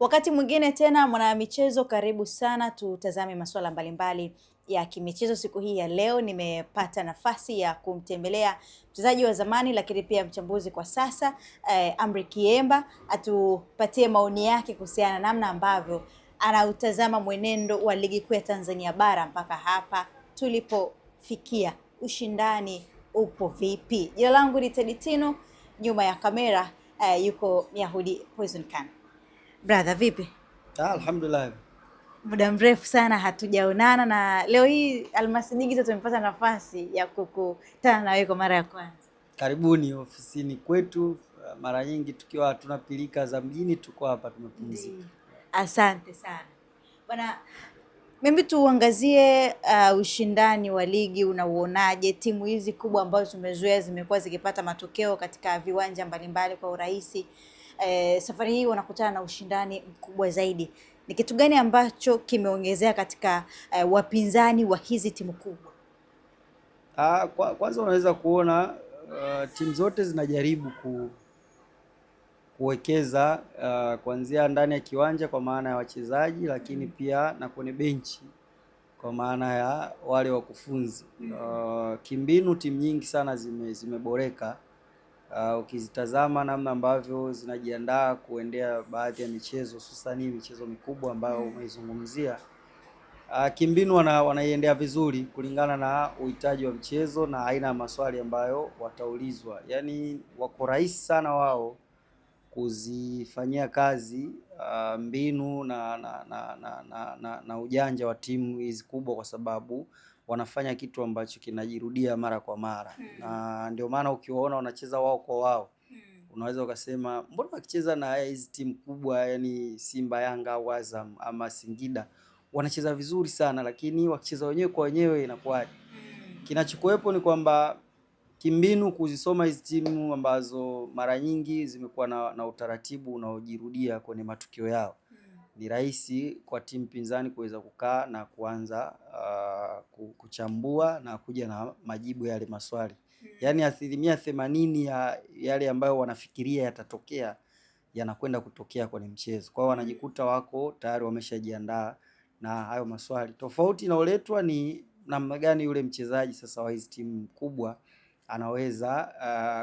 Wakati mwingine tena, mwana michezo karibu sana, tutazame masuala mbalimbali ya kimichezo. Siku hii ya leo nimepata nafasi ya kumtembelea mchezaji wa zamani lakini pia mchambuzi kwa sasa eh, Amri Kiemba atupatie maoni yake kuhusiana na namna ambavyo anautazama mwenendo wa ligi kuu ya Tanzania bara mpaka hapa tulipofikia, ushindani upo vipi? Jina langu ni Teditino, nyuma ya kamera eh, yuko Myahudi Poison Brother, vipi? Ah, alhamdulillah. Muda mrefu sana hatujaonana na leo hii Almasi Digital tumepata nafasi ya kukutana na wewe kwa mara ya kwanza. Karibuni ofisini kwetu. Ah, mara nyingi tukiwa hatuna pilika za mjini, tuko hapa tumepumzika. Asante sana bwana. Mimi tuuangazie uh, ah, ushindani wa ligi unauonaje? Timu hizi kubwa ambazo tumezoea zimekuwa zikipata matokeo katika viwanja mbalimbali kwa urahisi eh, safari hii wanakutana na ushindani mkubwa zaidi. Ni kitu gani ambacho kimeongezea katika eh, wapinzani wa hizi timu kubwa? Ah, kwa, kwanza unaweza kuona uh, timu zote zinajaribu ku, kuwekeza uh, kuanzia ndani ya kiwanja kwa maana ya wachezaji, lakini mm-hmm. pia na kwenye benchi kwa maana ya wale wakufunzi. Uh, kimbinu timu nyingi sana zime, zimeboreka Uh, ukizitazama namna ambavyo zinajiandaa kuendea baadhi ya michezo hususani michezo mikubwa ambayo mm. umeizungumzia, uh, kimbinu wana, wanaiendea vizuri kulingana na uhitaji wa mchezo na aina ya maswali ambayo wataulizwa. Yaani wako rahisi sana wao kuzifanyia kazi uh, mbinu na na, na, na, na, na na ujanja wa timu hizi kubwa kwa sababu wanafanya kitu ambacho kinajirudia mara kwa mara mm. na ndio maana ukiwaona wanacheza wao kwa wao mm. unaweza ukasema mbona wakicheza na hizi timu kubwa, yani Simba, Yanga au Azam ama Singida wanacheza vizuri sana, lakini wakicheza wenyewe kwa wenyewe inakuwa mm. kinachokuwepo ni kwamba kimbinu kuzisoma hizi timu ambazo mara nyingi zimekuwa na, na utaratibu unaojirudia kwenye matukio yao ni rahisi kwa timu pinzani kuweza kukaa na kuanza uh, kuchambua na kuja na majibu yale maswali. Hmm. Yaani asilimia themanini ya yale ambayo wanafikiria yatatokea yanakwenda kutokea kwenye mchezo. Kwa hiyo wanajikuta hmm. wako tayari wameshajiandaa na hayo maswali. Tofauti inaoletwa ni namna gani yule mchezaji sasa wa hizi timu kubwa anaweza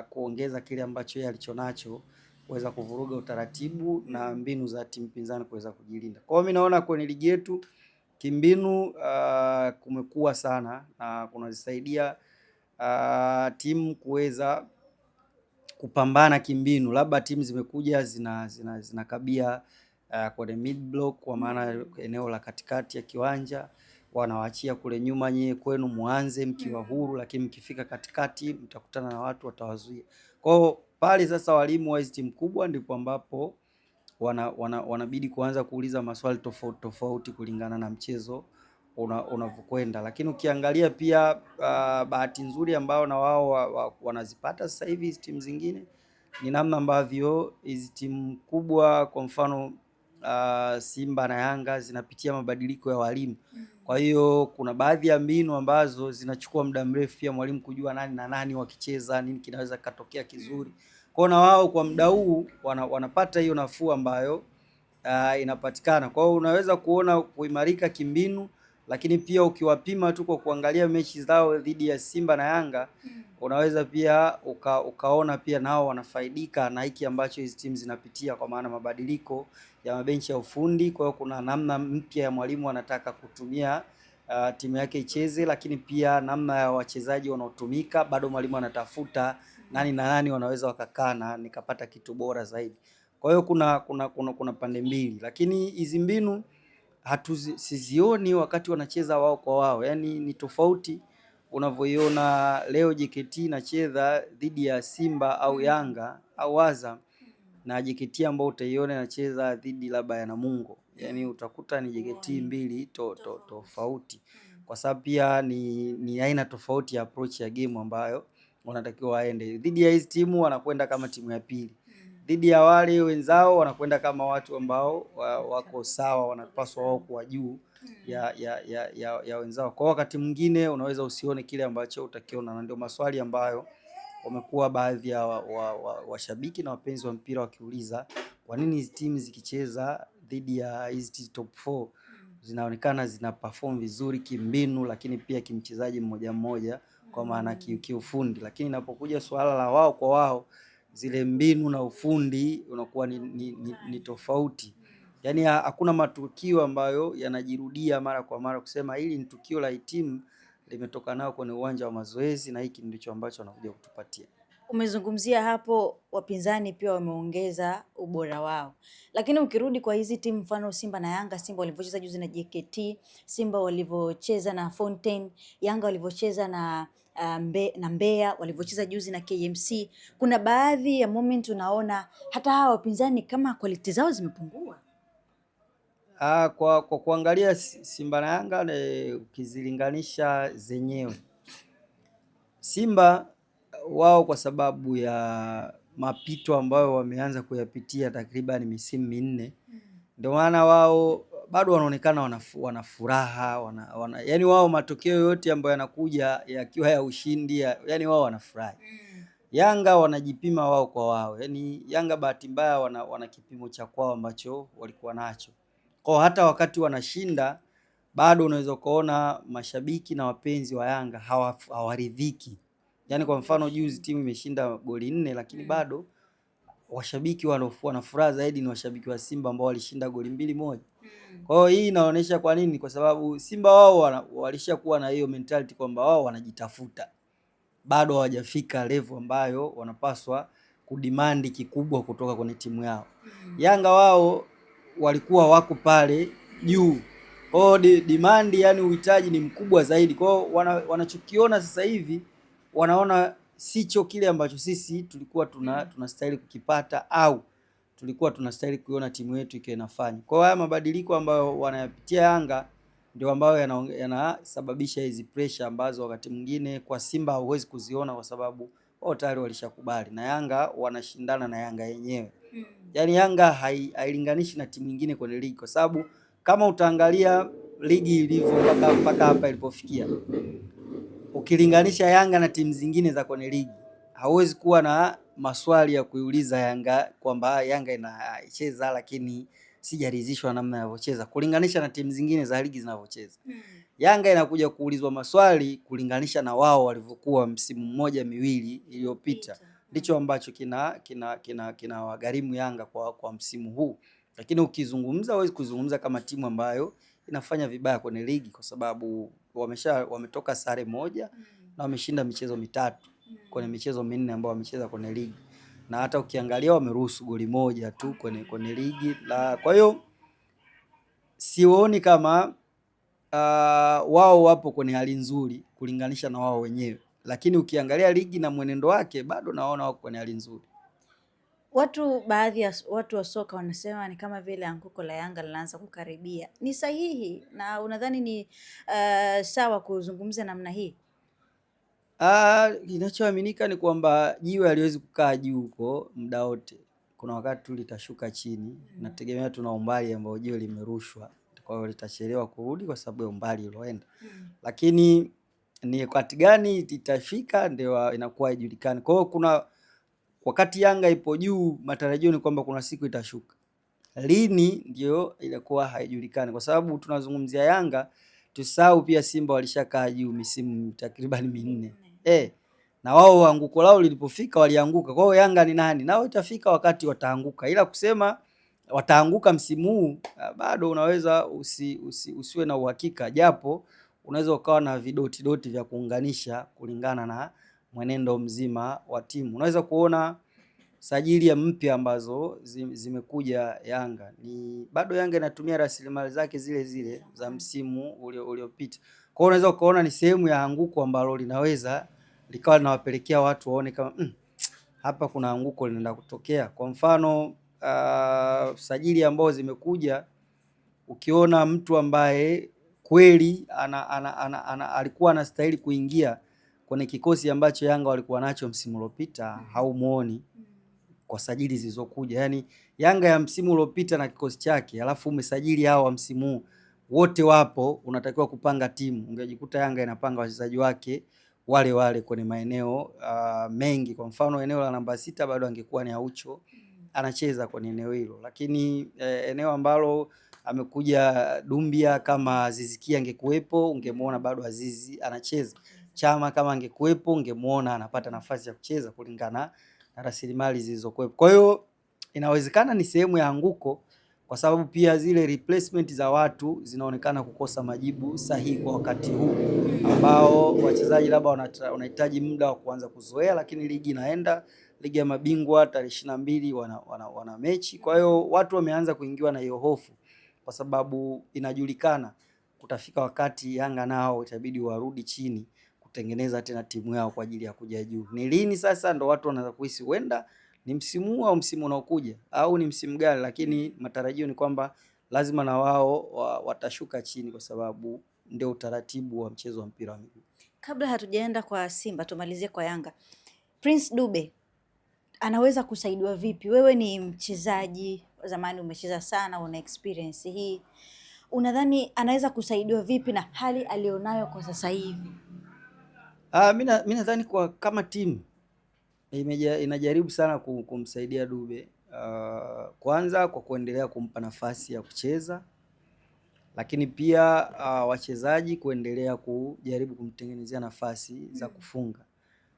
uh, kuongeza kile ambacho yeye alichonacho kuweza kuvuruga utaratibu na mbinu za timu pinzani kuweza kujilinda. Kwa hiyo mimi naona kwenye ligi yetu kimbinu, uh, kumekuwa sana na kunazisaidia uh, timu kuweza kupambana kimbinu, labda timu zimekuja zina zina zinakabia uh, ah, kwenye mid block, kwa maana eneo la katikati ya kiwanja wanawaachia kule nyuma, nyie kwenu muanze mkiwa mm-hmm. huru, lakini mkifika katikati mtakutana na watu watawazuia kwao pale sasa walimu wa hizi timu kubwa ndipo ambapo wana, wana, wanabidi kuanza kuuliza maswali tofauti tofauti kulingana na mchezo unavyokwenda una, lakini ukiangalia pia uh, bahati nzuri ambao na wao wa, wa, wanazipata sasa hivi hizi timu zingine ni namna ambavyo hizi timu kubwa kwa mfano uh, Simba na Yanga zinapitia mabadiliko ya walimu. Mm-hmm. Kwa hiyo kuna baadhi ya mbinu ambazo zinachukua muda mrefu pia mwalimu kujua nani na nani wakicheza nini kinaweza katokea kizuri. Kwa na wao kwa muda huu wana, wanapata hiyo nafuu ambayo uh, inapatikana. Kwa hiyo unaweza kuona kuimarika kimbinu lakini pia ukiwapima tu kwa kuangalia mechi zao dhidi ya Simba na Yanga hmm. unaweza pia uka, ukaona pia nao wanafaidika na hiki ambacho hizi timu zinapitia, kwa maana mabadiliko ya mabenchi ya ufundi. Kwa hiyo kuna namna mpya ya mwalimu anataka kutumia uh, timu yake icheze, lakini pia namna ya wachezaji wanaotumika, bado mwalimu anatafuta nani na nani wanaweza wakakaa na nikapata kitu bora zaidi. Kwa hiyo kuna kuna kuna, kuna pande mbili, lakini hizi mbinu hatusizioni wakati wanacheza wao kwa wao, yaani ni tofauti unavyoiona leo JKT inacheza dhidi ya Simba au mm. Yanga au Azam na JKT ambao utaiona inacheza dhidi labda ya Namungo, yaani utakuta ni JKT mm. mbili to, to, tofauti, mm. kwa sababu pia ni, ni aina tofauti ya approach ya game ambayo wanatakiwa waende. Dhidi ya hizi timu wanakwenda kama timu ya pili dhidi ya wale wenzao wanakwenda kama watu ambao wako sawa, wanapaswa wao kuwa juu ya, ya, ya, ya, ya wenzao. Kwa wakati mwingine unaweza usione kile ambacho utakiona, na ndio maswali ambayo wamekuwa baadhi ya washabiki wa, wa, wa na wapenzi wa mpira wakiuliza, kwa nini hizi timu zikicheza dhidi ya hizi top 4 zinaonekana zina perform vizuri kimbinu, lakini pia kimchezaji mmoja mmoja, kwa maana kiufundi, lakini inapokuja suala la wao kwa wao zile mbinu na ufundi unakuwa ni, ni, ni, ni tofauti. Yaani hakuna matukio ambayo yanajirudia mara kwa mara kusema hili ni tukio la hitimu limetoka nao kwenye uwanja wa mazoezi na hiki ndicho ambacho wanakuja kutupatia. Umezungumzia hapo, wapinzani pia wameongeza ubora wao, lakini ukirudi kwa hizi timu mfano Simba na Yanga, Simba walivyocheza juzi na JKT, Simba walivyocheza na Fountain, Yanga walivyocheza na uh, mbe, na Mbeya walivyocheza juzi na KMC, kuna baadhi ya moment unaona hata hawa wapinzani kama quality zao zimepungua. Ah, kwa, kwa kuangalia Simba na Yanga ne, ukizilinganisha zenyewe Simba uh, wao kwa sababu ya mapito ambayo wameanza kuyapitia takriban misimu minne, hmm. ndio maana wao bado wanaonekana wana furaha wana, wana, yani wao matokeo yote ambayo yanakuja yakiwa ya ushindi ya, yani wao wanafurahi mm. Yanga wanajipima wao kwa wao, yani Yanga bahati mbaya wana, wana kipimo cha kwao ambacho walikuwa nacho kwao, hata wakati wanashinda bado unaweza ukaona mashabiki na wapenzi wa Yanga hawaridhiki yani kwa mfano juzi timu imeshinda goli nne lakini mm. bado washabiki waliokuwa na furaha zaidi ni washabiki wa Simba ambao walishinda goli mbili moja. Hmm. Kwa hiyo hii inaonyesha kwa nini, kwa sababu Simba wao walishakuwa na hiyo mentality kwamba wao wanajitafuta, bado hawajafika level ambayo wanapaswa kudimandi kikubwa kutoka kwenye timu yao. Hmm. Yanga wao walikuwa wako pale juu kwao, dimandi, yani uhitaji ni mkubwa zaidi kwao. Wanachokiona wana sasa hivi wanaona sicho kile ambacho sisi tulikuwa tuna mm. tunastahili kukipata au tulikuwa tunastahili kuiona timu yetu ikiwa inafanya. Kwa haya mabadiliko ambayo wanayapitia Yanga ndio ambayo yanasababisha yana hizi pressure ambazo wakati mwingine kwa Simba hauwezi kuziona kwa sababu wao tayari walishakubali, na Yanga wanashindana na Yanga yenyewe. Mm. Yaani Yanga hailinganishi hai na timu nyingine kwenye ligi, kwa sababu kama utaangalia ligi ilivyo mpaka hapa ilipofikia ukilinganisha Yanga na timu zingine za kwenye ligi, hauwezi kuwa na maswali ya kuiuliza Yanga kwamba ah, Yanga inacheza lakini sijaridhishwa namna inavyocheza kulinganisha na timu zingine za ligi zinavyocheza. Hmm. Yanga inakuja kuulizwa maswali kulinganisha na wao walivyokuwa msimu mmoja miwili iliyopita, ndicho ambacho kina kina kina kina Yanga kwa, kwa msimu huu, lakini ukizungumza, huwezi kuzungumza kama timu ambayo inafanya vibaya kwenye ligi kwa sababu wamesha wametoka sare moja mm. na wameshinda michezo mitatu mm. kwenye michezo minne ambayo wamecheza kwenye ligi, na hata ukiangalia wameruhusu goli moja tu kwenye kwenye ligi la. Kwa hiyo sioni kama uh, wao wapo kwenye hali nzuri kulinganisha na wao wenyewe, lakini ukiangalia ligi na mwenendo wake bado naona wako kwenye hali nzuri. Watu baadhi ya watu wa soka wanasema ni kama vile anguko la Yanga linaanza kukaribia. Ni sahihi na unadhani ni uh, sawa kuzungumza namna hii? Ah, kinachoaminika ni kwamba jiwe haliwezi kukaa juu huko muda wote. Kuna wakati tu litashuka chini. Mm. Nategemea tuna umbali ambao jiwe limerushwa, kwa hiyo litachelewa kurudi kwa sababu ya umbali ulioenda. Mm. Lakini ni wakati gani itafika ndio inakuwa ijulikani. Kwa hiyo kuna wakati Yanga ipo juu, matarajio ni kwamba kuna siku itashuka. Lini ndio ilikuwa haijulikani, kwa sababu tunazungumzia Yanga, tusahau pia Simba walishakaa juu misimu takriban minne eh, na wao anguko lao lilipofika walianguka. Kwa hiyo Yanga ni nani? Nao itafika wakati wataanguka, ila kusema wataanguka msimu huu ah, bado unaweza usi, usi, usiwe na uhakika, japo unaweza ukawa na vidotidoti vya kuunganisha kulingana na mwenendo mzima wa timu. Unaweza kuona sajili ya mpya ambazo zimekuja Yanga ni bado Yanga inatumia rasilimali zake zile zile za msimu uliopita. Kwa hiyo unaweza ukaona ni sehemu ya anguko ambalo linaweza likawa linawapelekea watu waone kama mm, hapa kuna anguko linaenda kutokea. Kwa mfano uh, sajili ambazo zimekuja ukiona mtu ambaye kweli ana, ana, ana, ana, ana, alikuwa anastahili kuingia kwenye kikosi ambacho Yanga walikuwa nacho msimu uliopita mm. haumuoni mm. kwa sajili zilizokuja. Yaani Yanga ya msimu uliopita na kikosi chake, alafu umesajili hao wa msimu wote wapo, unatakiwa kupanga timu. Ungejikuta Yanga inapanga wachezaji wake wale wale kwenye maeneo uh, mengi. Kwa mfano eneo la namba sita bado angekuwa ni Aucho mm. anacheza kwenye eneo hilo, lakini eh, eneo ambalo amekuja Dumbia, kama Azizi angekuwepo, ungemwona bado Azizi anacheza. Chama kama angekuwepo ungemuona anapata nafasi ya kucheza kulingana na rasilimali zilizokuwepo. Kwa hiyo inawezekana ni sehemu ya anguko, kwa sababu pia zile replacement za watu zinaonekana kukosa majibu sahihi kwa wakati huu ambao wachezaji labda wanahitaji muda wa kuanza kuzoea, lakini ligi inaenda, ligi ya mabingwa tarehe ishirini na mbili wana, wana, wana mechi. Kwa hiyo watu wameanza kuingiwa na hiyo hofu, kwa sababu inajulikana kutafika wakati Yanga nao itabidi warudi chini kutengeneza tena timu yao kwa ajili ya kuja juu. Ni lini sasa ndo watu wanaanza kuhisi huenda ni msimu huu au msimu unaokuja au ni msimu gani, lakini matarajio ni kwamba lazima na wao watashuka chini kwa sababu ndio utaratibu wa mchezo wa mpira wa miguu. Kabla hatujaenda kwa Simba, tumalizie kwa Yanga. Prince Dube anaweza kusaidiwa vipi? Wewe ni mchezaji zamani, umecheza sana, una experience hii, unadhani anaweza kusaidiwa vipi na hali alionayo kwa sasa hivi? Ah, mimi nadhani kwa kama timu imeja- inajaribu sana kumsaidia Dube uh, kwanza kwa kuendelea kumpa nafasi ya kucheza, lakini pia uh, wachezaji kuendelea kujaribu kumtengenezea nafasi za hmm. kufunga.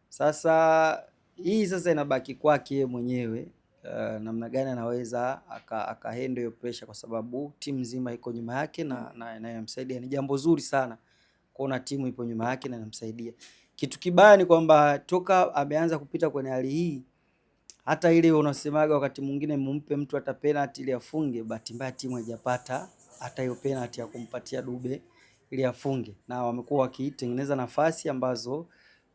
Sasa hii sasa inabaki kwake mwenyewe uh, namna gani anaweza aka, aka hiyo pressure, kwa sababu timu nzima iko nyuma yake hmm. na na inayomsaidia ni jambo zuri sana kuona timu ipo nyuma yake na inamsaidia. Kitu kibaya ni kwamba toka ameanza kupita kwenye hali hii, hata ile unasemaga wakati mwingine mumpe mtu hata penalty ili afunge, bahati mbaya timu haijapata hata hiyo penalty ya kumpatia Dube ili afunge, na wamekuwa wakitengeneza nafasi ambazo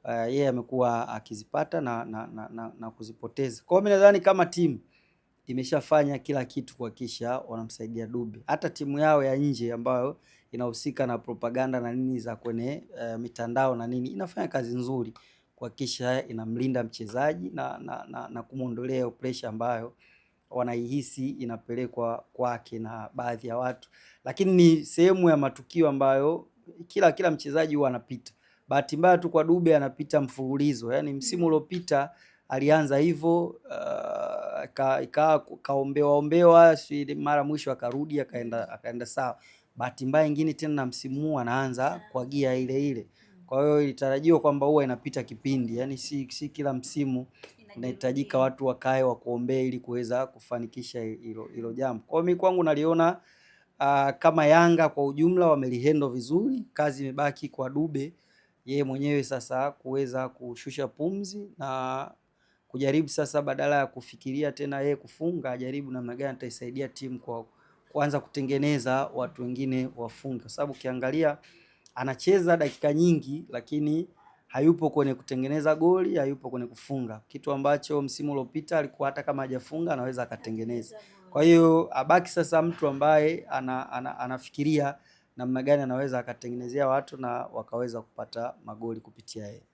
uh, yeye amekuwa akizipata na, na, na, na, na kuzipoteza. Kwa hiyo nadhani kama timu imeshafanya kila kitu kuhakikisha wanamsaidia Dube, hata timu yao ya nje ambayo inahusika na propaganda na nini za kwenye uh, mitandao na nini, inafanya kazi nzuri kuhakikisha inamlinda mchezaji na, na, na, na kumwondolea pressure ambayo wanaihisi inapelekwa kwake na baadhi ya watu, lakini ni sehemu ya matukio ambayo kila kila mchezaji huwa anapita. Bahati mbaya tu kwa Dube anapita mfululizo, yani msimu uliopita alianza hivyo uh, kaombewaombewa ka, kaombewa ombewa, mara mwisho akarudi akaenda akaenda sawa bahati mbaya nyingine tena na msimu huu anaanza kwa gia ile ile. Mm. Kwa hiyo ilitarajiwa kwamba huwa inapita kipindi, yani si, si kila msimu inahitajika watu wakae wakuombee ili kuweza kufanikisha hilo jambo. Kwa hiyo mimi kwangu naliona uh, kama Yanga kwa ujumla wamelihendo vizuri, kazi imebaki kwa Dube yeye mwenyewe sasa kuweza kushusha pumzi na kujaribu sasa, badala ya kufikiria tena yeye kufunga, ajaribu namna gani ataisaidia timu kwa kuanza kutengeneza watu wengine wafunge, kwa sababu ukiangalia anacheza dakika nyingi, lakini hayupo kwenye kutengeneza goli, hayupo kwenye kufunga, kitu ambacho msimu uliopita alikuwa hata kama hajafunga anaweza akatengeneza. Kwa hiyo abaki sasa mtu ambaye ana, ana, anafikiria namna gani anaweza akatengenezea watu na wakaweza kupata magoli kupitia yeye.